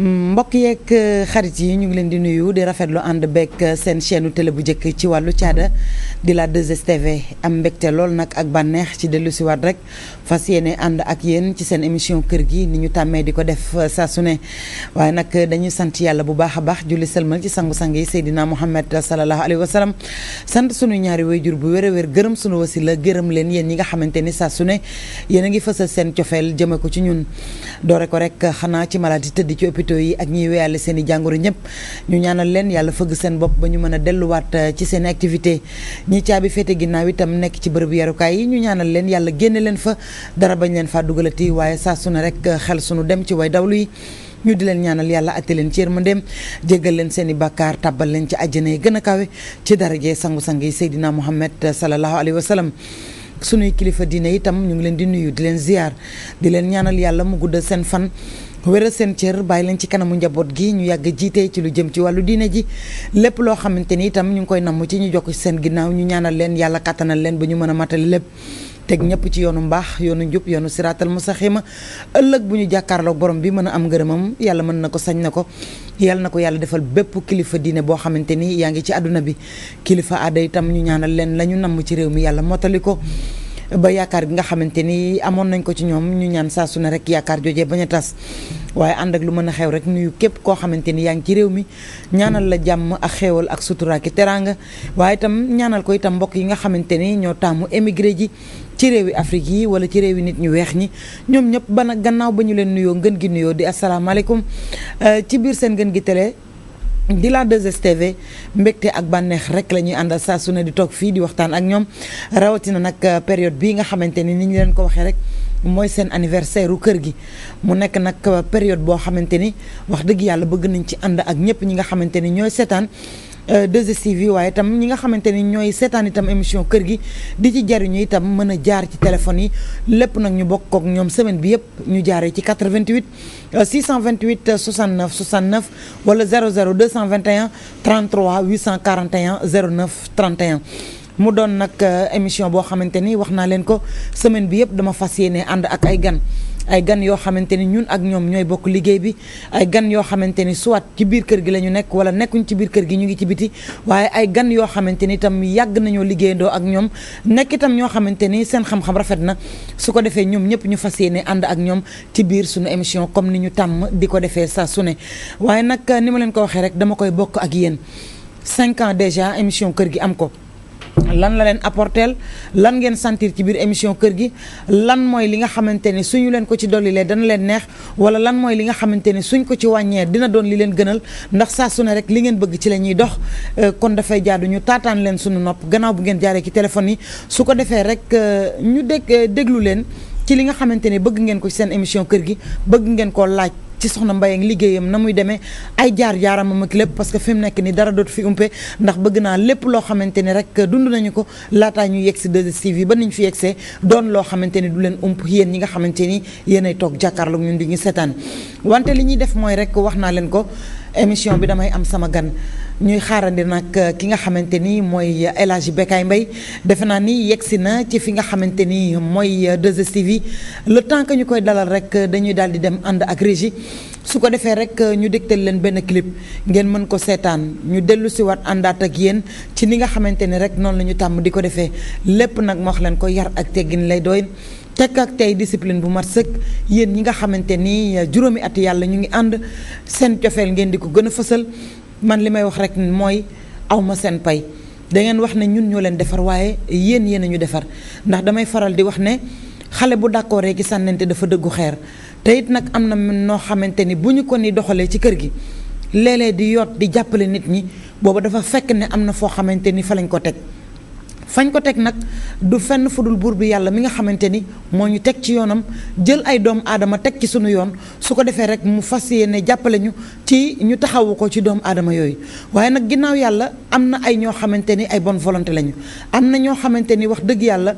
mbokk yeeg euh, xarit yi ñu ngi leen di nuyu di rafetlu ànd beeg euh, seen chaîne télé bu njëkk ci wàllu caada di la 2STV am mbégte lool nag ak bànneex ci dellusiwaat rek fas yéene ànd ak yéen ci seen émission kër gi ni ñu tàmmee di ko def euh, saa sune waaye nag euh, dañuy sant yàlla bu baax a baax julli sëlmal ci sangu-sang yi Seydina Muhammad sallallahu alayhi wa sallam sant sunu ñaari wayjur bu wér a wér gërëm sunu wasila gërëm leen yéen ñi nga xamante ni saa sune ne yéen a ngi fësal seen cofeel jëme ko ci ñun doore ko rek xanaa ci maladie tëdd ci hôpitaux yi ak ñiy weyale seen i jàngoro ñëpp ñu ñaanal leen yàlla fëgg seen bopp ba ñu mën a delluwaat euh, ci seen activité ñi caabi féete ginnaaw itam nekk ci bërëb yarukaay yi ñu ñaanal leen yàlla génne leen fa dara bañ leen faa dugalati waaye saa su ne xel sunu dem ci way dawlu yi ñu di leen ñaanal yàlla atte leen ci yërmandeem jéggal leen seen i bàkkaar tàbbal leen ci àjjana yi gën a kawe ci darajee sangu-sang yi Seydina Muhammad sallallahu alayhi wa sallam sunuy kilifa diine itam ñu ngi leen di nuyu di leen ziar di leen ñaanal yàlla mu guddal seen fan wéral seen cër bàyyi leen ci kanamu njaboot gi ñu yàgg jiite ci lu jëm ci wàllu diine ji lépp loo xamante ni itam ñu ngi koy namm ci ñu jokk ci seen ginnaaw ñu ñaanal leen yàlla kàttanal leen ba ñu mën a matale lépp teg ñëpp ci yoonu mbaax yoonu njub yoonu siraatal musaxima ëllëg bu ñu jàkkaarloog borom bi mën a am ngërëmam yàlla mën na ko sañ na ko yàlla na ko yàlla defal bépp kilifa diine boo xamante ni yaa ngi ci àdduna bi kilifa aada itam ñu ñaanal leen la ñu namm ci réew mi yàlla mottali ko ba yaakaar gi nga xamante ni amoon nañ ko ci ñoom ñu ñaan saa su ne rek yaakaar joojee bañ a tas waaye ànd lu mën a xew rek nuyu képp koo xamante ni yaa ngi ci réew mi ñaanal la jàmm ak xeewal ak sutura ki teraanga ñaanal ko itam mbokk yi nga xamante ni ñoo taamu émigré ji ci réew yi Afrique yi wala ci réewi nit ñu weex ñi ñoom ñëpp bana gannaaw ba ñu leen nuyoo ngën gi nuyoo di asalaamaaleykum euh, ci biir seen ngën gi télé di la 2STV mbégte ak bànneex rek la ñuy àndal saa su ne di toog fii di waxtaan ak ñoom rawatina nag euh, période bii nga xamante ni ni ñu leen ko waxee rek mooy seen anniversaire kër gi mu nekk nag euh, période boo xamante ni wax dëgg yàlla bëgg nañ ci ànd ak ñëpp ñi nga xamante ni ñooy seetaan 2STV euh, waaye itam ñi nga xamante ni ñooy seetaan itam émission kër gi di ci jariñu itam mën a jaar ci téléphones yi lépp nag ñu bokk kook ñoom semaine bi yëpp ñu jaaree ci 88 628 69 69 wala 00 221 33 841 09 31. mu doon nag euh, émission boo xamante ni wax naa leen ko semaine bi yëpp dama fas yéene ànd ak ay gan. ay gan yoo xamante ni ñun ak ñoom ñooy bokk liggéey bi ay gan yoo xamante ni soit ci biir kër gi la ñu nekk wala nekkuñ ci biir kër gi ñu ngi ci biti waaye ay gan yoo xamante ni itam yàgg nañoo liggéeyandoo ak ñoom nekk itam ñoo xamante ni seen xam-xam rafet na su ko defee ñoom ñëpp ñu fas yéene ànd ak ñoom ci biir suñu émission comme ni ñu tàmm di ko defee saa sune ne waaye nag ni ma leen ko waxee rek dama koy bokk ak yéen cinq ans déjà émission kër gi am ko lan la leen apporteel lan ngeen sentir ci biir émission kër gi lan mooy li nga xamante ne suñu leen ko ci dollilee dana leen neex wala lan mooy li nga xamante ne suñ ko ci wàññee dina doon li leen gënal ndax saa su ne rek li ngeen bëgg ci la ñuy dox euh, kon dafay jaadu ñu taataan leen suñu nopp gannaaw bu ngeen jaaree ci téléphone yi su ko defee rek euh, ñu dégg euh, déglu leen ci li nga xamante ne bëgg ngeen ko ci seen émission kër gi bëgg ngeen koo laaj ci soxna Mbaye ak liggéeyam na muy demee ay jaar jaaramam ak lépp parce que fi mu nekk ni dara dootu fi umpe ndax bëgg naa lépp loo xamante ni rek dund nañu ko laataa ñu yegg si 2STV ba ba ñu fi yeggsee doon loo xamante ni du leen ump yéen ñi nga xamante ni yéenay toog jàkkaarloog ñun di ñu seetaan wante li ñuy def mooy rek wax naa leen ko émission bi damay am sama gan ñuy xaarandi nag euh, ki nga xamante ni mooy euh, El Hadji Bécaye defe naa ni yegsi na ci fi nga xamante ni mooy euh, 2STV le temps que ñu koy dalal rek dañuy daal di dem ànd ak régie su ko defee rek ñu dégtal leen benn clip ngeen mën ko seetaan ñu dellu si àndaat ak yéen ci ni nga xamante ni rek noonu la ñu tàmm di ko defee lépp nag ma wax leen ko yar ak teggin lay doy. tekk ak tey discipline bu mat sëkk yéen ñi nga xamante nii euh, juróomi at yàlla ñu ngi ànd seen cofeel ngeen di ko gën a fësal man li may wax rek mooy awma ma seen pay da ngeen wax ne ñun ñoo leen defar waaye yéen yéen a ñu defar ndax damay faral di wax ne xale bu d'accord gi sànnante dafa dëggu xeer te it nag am na noo xamante ni bu ñu ko ni doxalee ci kër gi léeg di yoot di jàppale nit ñi booba dafa fekk ne am na foo xamante ni fa lañ ko teg fañ ko teg nag du fenn fudul buur bi yàlla mi nga xamante ni moo ñu teg ci yoonam jël ay doomu aadama teg ci sunu yoon su ko defee rek mu fas yéene jàppale ñu ci ñu taxawu ko ci doomu aadama yooyu waaye nag ginnaaw yàlla am na ay ñoo xamante ni ay bonne volonté lañu am na ñoo xamante ni wax dëgg yàlla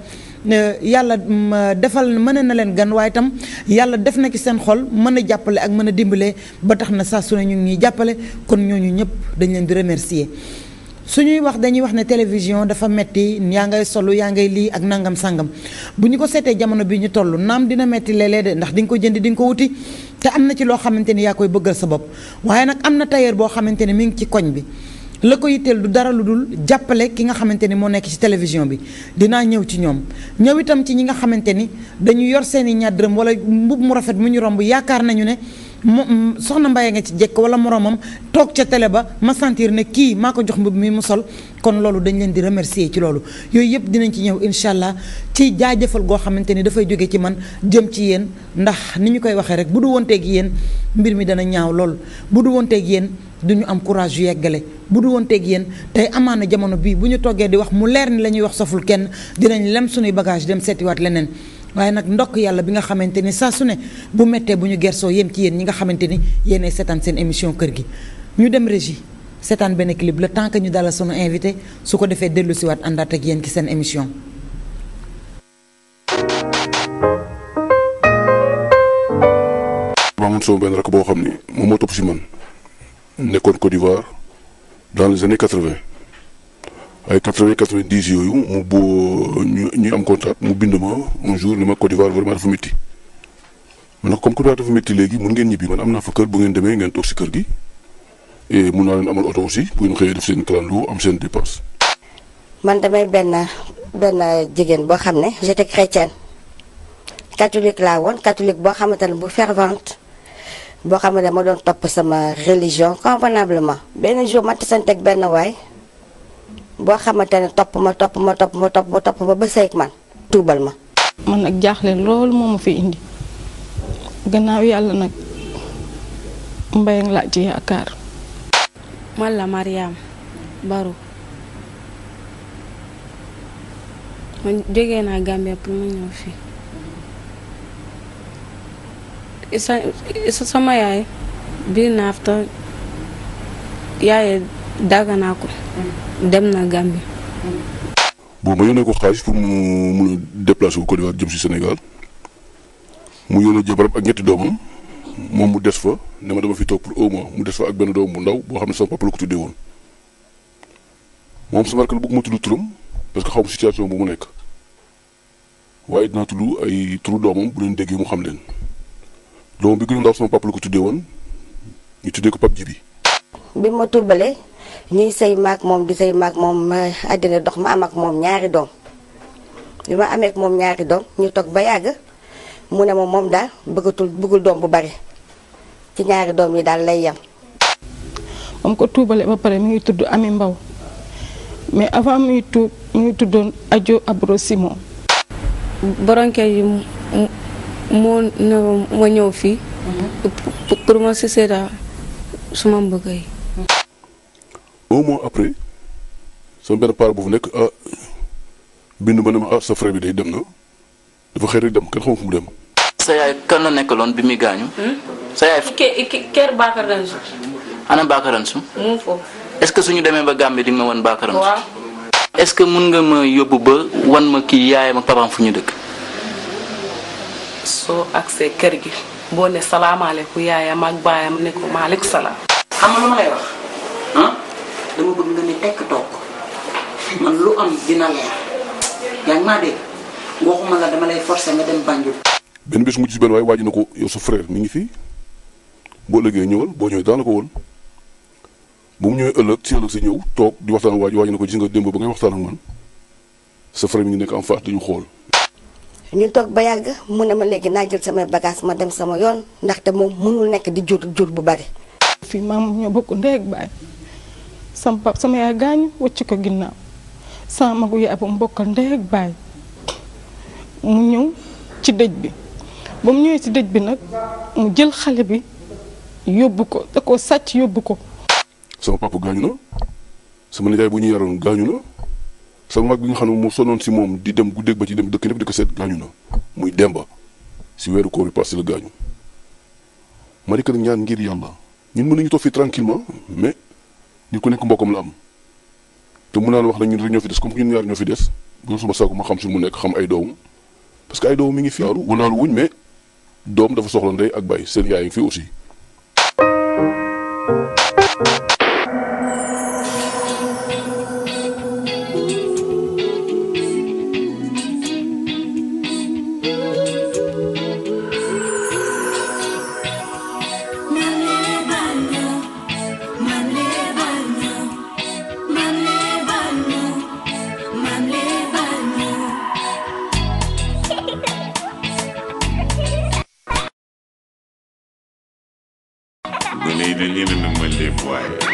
euh, yàlla mm, defal mën na leen gan waaye itam yàlla def na ci seen xol mën a jàppale ak mën a dimbalee ba tax na saa su ne ñu ngi ñuy jàppale kon ñooñu ñëpp dañ leen di remercier su ñuy wax dañuy wax ne télévision dafa metti yaa ngay solu yaa ngay lii ak nangam sangam bu ñu ko seetee jamono bi ñu toll naam dina metti léeg de ndax di nga ko jënd di nga ko wuti te am na ci loo xamante ni yaa koy bëggal sa bopp waaye nag am na tailleur boo xamante ni mu ngi ci koñ bi la ko yitteel du dara lu dul jàppale ki nga xamante ni moo nekk ci télévision bi dinaa ñëw ci ñoom ñëw itam ci ñi nga xamante ni dañu yor seeni i ñaar wala mbub mu rafet mu ñu romb yaakaar nañu ne mu soxna Mbaye nga ci jekk wala moromam toog ca tele ba ma sentir ne kii maa ko jox mbub mi mu sol kon loolu dañu leen di remercier ci loolu yooyu yëpp dinañ ci ñëw incha allah ci jaajëfal goo xamante ni dafay jóge ci man jëm ci yéen ndax ni ñu koy waxee rek bu du wonteeg yéen mbir mi dana ñaaw lool bu du wonteeg yéen du ñu am courage yu yeggale bu du wonteeg yéen tey amaana jamono bii bu ñu toggee di wax mu leer ni la ñuy wax saful kenn dinañ lem suñuy bagage dem seetiwaat leneen waaye nag ndokk yàlla bi nga xamante ni saa su ne bu méttee bu ñu gersoo yem ci yéen ñi nga xamante ni yéenay seetaan seen émission kër gi ñu dem régie seetaan benn clip le temps que ñu dalal sunu invité su ko defee dellu siwaat àndaat ak yéen ci seen émission maa man sama benn rakk boo xam ni moom moo topp si man nekkoon Côte dans les années ay quatre vingt quatre vingt dix yooyu mu boo ñu ñu am contrat mu bind ma un jour ni ma Côte d'Ivoire vraiment dafa métti ma ne ko comme Côte d'Ivoire dafa métti léegi mun ngeen ñibbi man am naa fa kër bu ngeen demee ngeen toog si kër gi et mun naa leen amal oto aussi bu ngeen xëyee def seen kalandoo am seen dépense. man damay benn benn jigéen boo xam ne j'étais chrétienne catholique laa woon catholique boo xamante ne bu fervente boo xam ne dama doon topp sama religion convenablement benn jour ma tasanteeg benn waay. boo xamante ne topp ma topp ma topp ma topp ma topp ma ba sëy ak man tuubal ma. man nag jaaxle loolu moo ma fi indi gannaaw yàlla nag mbay laa ci man la Mariam Baro man jógee naa Gambia pour mu ñëw fii isa sama yaay bii naafta yaaye dagga naa ko. dem na Gambie. bon ma yónnee ko xaalis pour mu mun a déplacer wu Côte d'Ivoire jëm si Sénégal mu yónnee jabaram ak ñetti doomam moom mu des fa ne ma dama fi toog pour au mois mu des fa ak benn doom bu ndaw boo xam ne sama papa la ko tuddee woon moom sama rakk la parce que xaw ma situation bu mu nekk waaye dinaa ay turu doomam bu leen déggee mu xam leen doomam bi gën a tuddee woon ñu tuddee ko Pape Djibi. bi ma tubbalee ñuy sëy maag moom di sëy maag moom àddina dox ma am ak moom ñaari doom bi ma amee moom ñaari doom ñu toog ba yàgg mu ne ma moom daal bëggatul bëggul doom bu bari ci ñaari doom yi daal lay yem. moom ko tuubale ba pare mi ngi tudd Ami Mbaw mais avant muy tuub mi ngi tuddoon Adjo Abro Simon. boronke yi moo ne ma ñëw fii. Mhm. pour ma sësee daal su ma mbëgg un mois après sama benn part boobu nekk ah bind ma ne ma ah sa frère bi day dem na dafa xëy rek dem kenn xamul fu mu dem. sa yaay kan la nekkaloon bi muy gaañu. Hmm? sa yaay. kii kër Bakaransu. ana Bakaransu. mu que suñu demee ba Gambie di ma wan Bakaransu. waaw. est-ce que mën nga ma yóbbu ba wan ma kii yaayam ak papaam fu ñu dëkk. soo agsee kër gi boo ne salaamaaleykum yaayam ak baayam ne ko maaleykum salaam. dama bëgg nga ni tekk toog man lu am dina leer yaa maa dégg waxuma la dama lay forcer nga dem Banjul. benn bés mu gis benn waaye waaj na ko yow sa frère mi ngi fii boo ñëwee daana ko woon bu mu ñëwee ëllëg si si ñëw toog di waxtaan waaj waaj na ko gis nga démb ba ngay waxtaan ak man sa frère mi ngi nekk en face dañu xool. ñu toog ba yàgg mu ne ma léegi naa jël samay bagage ma dem sama yoon ndaxte moom mënul nekk di jur jur bu bari. fii maam ñoo bokk ndey ak baay sama pap sama yaay gaañu wëcc ko ginnaaw sama magu yaay ba mu bokkal ndey ak baay mu ñëw ci dëj bi ba mu ñëwee ci dëj bi nag mu jël xale bi yóbbu ko da koo sàcc yóbbu ko. sama papa gaañu na sama nijaay bu ñu yaroon gaañu na sama mag bi nga xam ne mu sonoon si moom di dem guddeeg ba ci dem dëkk yëpp di ko set gaañu na muy Demba si weeru koor yi passé la gaañu. ma di ko ñaan ngir yàlla ñu mënuñu toog fii tranquillement nit ku nekk mbokkam la am te mun naan wax na ñun rek ñoo fi des comme ñun ñaar ñoo fi des bu suma saako xam suñu mu nekk xam ay doom parce que ay doom mi ngi fi. waaw wala wuñ mais doom dafa soxla ndey ak baay seen yaay fi aussi. fuerte.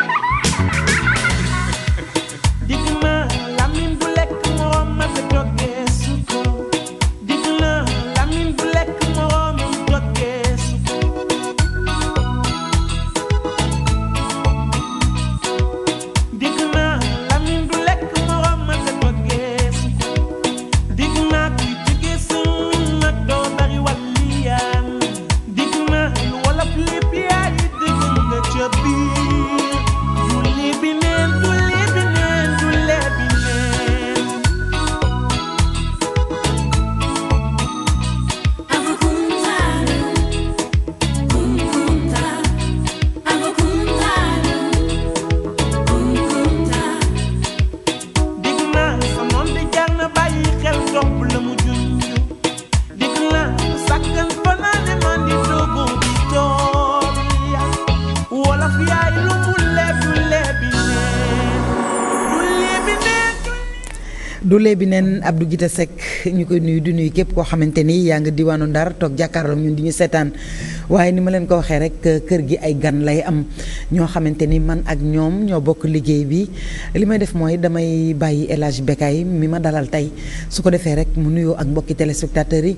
du lee bi neen Abdou Guité Seck ñu koy nuyu du nuyu képp koo xamante ni yaa nga diwaanu Ndar toog jàkkaarloo ñun di ñu seetaan. waaye ni ma leen ko waxee rek euh, kër gi ay gan lay am ñoo xamante ni man ak ñoom ñoo bokk liggéey bi li may def mooy damay bàyyi El Hadj Bekay mi ma dalal tey su ko defee rek mu nuyoo ak mbokki téléspectateurs yi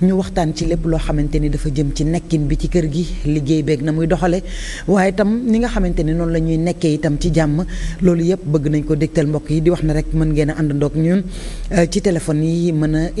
ñu waxtaan ci lépp loo xamante ni dafa jëm ci nekkin bi ci kër gi liggéey beeg na muy doxale waaye tam ni nga xamante ni noonu la ñuy nekkee itam ci jàmm loolu yëpp bëgg nañ ko dégtal mbokk yi di wax na rek mën ngeen a àndandoog ñun euh, ci téléphone yi mën a